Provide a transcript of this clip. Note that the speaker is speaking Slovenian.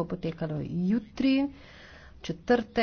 bo potekalo jutri, četrte,